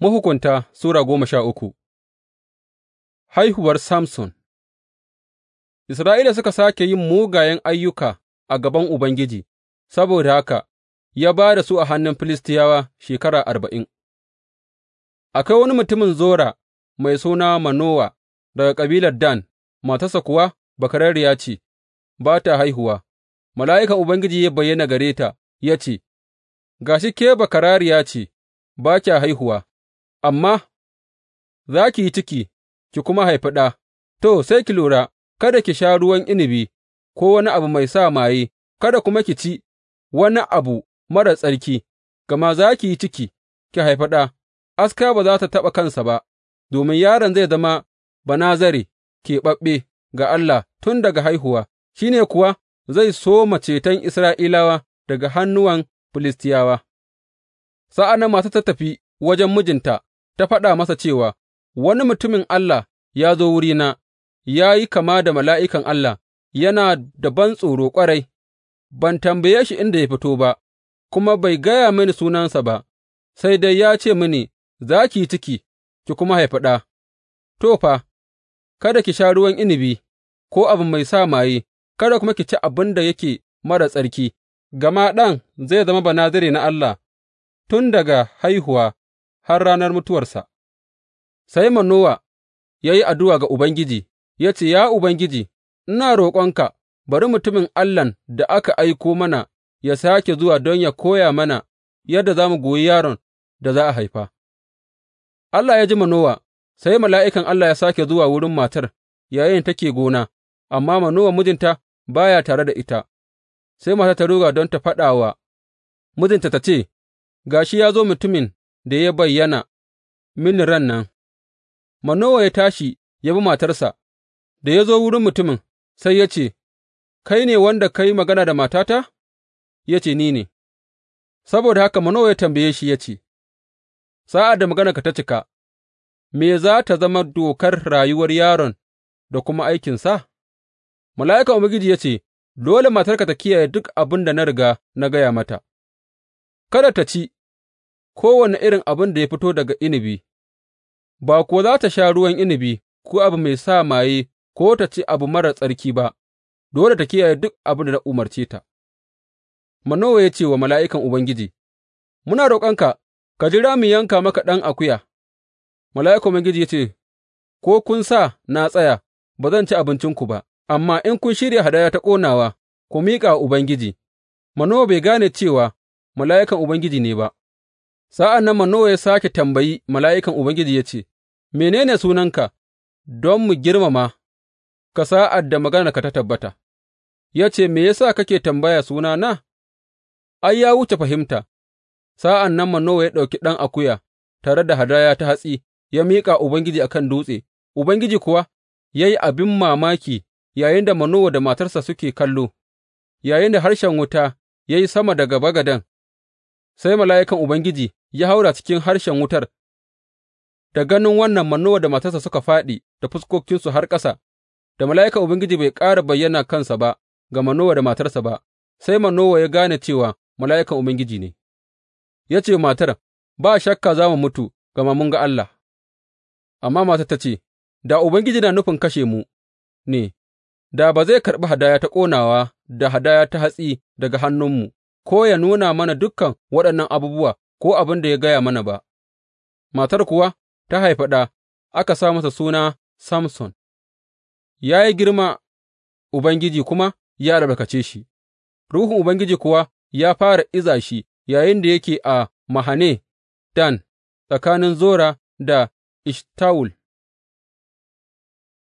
Mahukunta Sura goma sha uku Haihuwar Samson Isra'ila suka sake yin mugayen ayyuka a gaban Ubangiji, saboda haka ya ba da su a hannun Filistiyawa shekara arba'in. Akwai wani mutumin Zora mai suna Manowa daga kabilar Dan, matarsa kuwa bakararriya ce, ba ta haihuwa. Mala'ikan Ubangiji ya bayyana gare ta ya ce, Ga shi ke bakararriya ce, ba kya haihuwa. amma za ki yi ciki ki kuma haifi ɗa, to, sai ki lura, kada ki sha ruwan inabi ko wani abu mai sa maye, kada kuma ki ci wani abu marar tsarki, gama za ki yi ciki, ki haifi ɗa, aska ba za ta taɓa kansa ba, domin yaron zai zama banazare, keɓaɓɓe ga Allah tun daga haihuwa, shi ne kuwa zai soma ceton Isra'ilawa daga hannuwan Filistiyawa. Sa'an nan matar ta tafi wajen mijinta ta faɗa masa cewa, Wani mutumin Allah ya zo wurina, ya yi kama da mala'ikan Allah, yana da ban tsoro ƙwarai, ban tambaye shi inda ya fito ba, kuma bai gaya mini sunansa ba, sai dai ya ce mini, Za ki yi ciki, ki kuma haifi ɗa, to, fa, kada ki sha ruwan inibi ko abu mai sa maye, kada kuma ki ci abin da yake mara tsarki, gama ɗan zai zama banazare na Allah tun daga haihuwa har ranar mutuwarsa, sai Manowa ya yi addu'a ga Ubangiji, ya ce, Ya Ubangiji, ina roƙonka, bari mutumin Allahn da aka aiko mana ya sake zuwa don ya koya mana yadda za mu goyi yaron da za a haifa. Allah ya ji Manowa, sai mala'ikan Allah ya sake zuwa wurin matar yayin take gona, amma Manowa mijinta ba ya tare da ita, sai mata ta ruga don ta faɗa wa mijinta ta ce, Ga shi ya zo mutumin da ya bayyana mini ran nan, Manowa ya tashi ya bi matarsa, da ya zo wurin mutumin, sai ya ce, Kai ne wanda ka yi magana da matata? Ya ce, Ni ne. Saboda haka Manowa ya tambaye shi ya ce, Sa'ad da maganarka ta cika, me za ta zama dokar rayuwar yaron da kuma aikinsa? Mala'ikan Ubangiji ya ce, Dole matarka ta kiyaye duk abin da na riga na gaya mata, kada ta ci kowane irin abin da ya fito daga inabi, ba kuwa za ta sha ruwan inabi ko abu mai sa maye ko ta ci abu marar tsarki ba, dole ta kiyaye duk abin da na umarce ta. Manowa ya ce wa mala'ikan Ubangiji, Muna roƙonka, ka jira mu yanka maka ɗan akuya. Mala'ikan Ubangiji ya ce, Ko kun sa na tsaya, ba zan ci abincinku ba, amma in kun shirya hadaya ta ƙonawa, ku miƙa wa Ubangiji. Manowa bai gane cewa mala'ikan Ubangiji ne ba. Sa'an nan Manowa ya sāke tambayi mala'ikan Ubangiji ya ce, Mene ne sunanka, don mu girmama ka sa'ad da maganarka ta tabbata? Ya ce, Me ya sa kake tambaya sunana? Ai, ya wuce fahimta. Sa'an nan Manowa ya ɗauki ɗan akuya tare da hadaya ta hatsi ya miƙa Ubangiji a kan dutse, Ubangiji kuwa ya yi abin mamaki yayin da Manowa da matarsa suke kallo, yayin da harshen wuta ya yi sama daga bagaden. sai mala'ikan Ubangiji ya haura cikin harshen wutar, da ganin wannan Manowa da matarsa suka fāɗi da fuskokinsu har ƙasa, da mala'ikan Ubangiji bai ƙara bayyana kansa ba ga Manowa da matarsa ba, sai Manowa ya gane cewa mala'ikan Ubangiji ne, ya ce matar, Ba shakka za mu mutu, gama mun ga Allah. Amma matar ta ce, Da Ubangiji na nufin kashe mu ne, da ba zai karɓi hadaya ta ƙonawa da hadaya ta hatsi daga hannunmu ko yă nuna mana dukan waɗannan abubuwa ko abin da ya gaya mana ba, matar kuwa ta haifa ɗa, aka sa masa suna Samson, ya yi girma Ubangiji kuma ya albarkace shi, Ruhun Ubangiji kuwa ya fara iza shi yayin da yake a Mahane Dan tsakanin Zora da Ishtawul.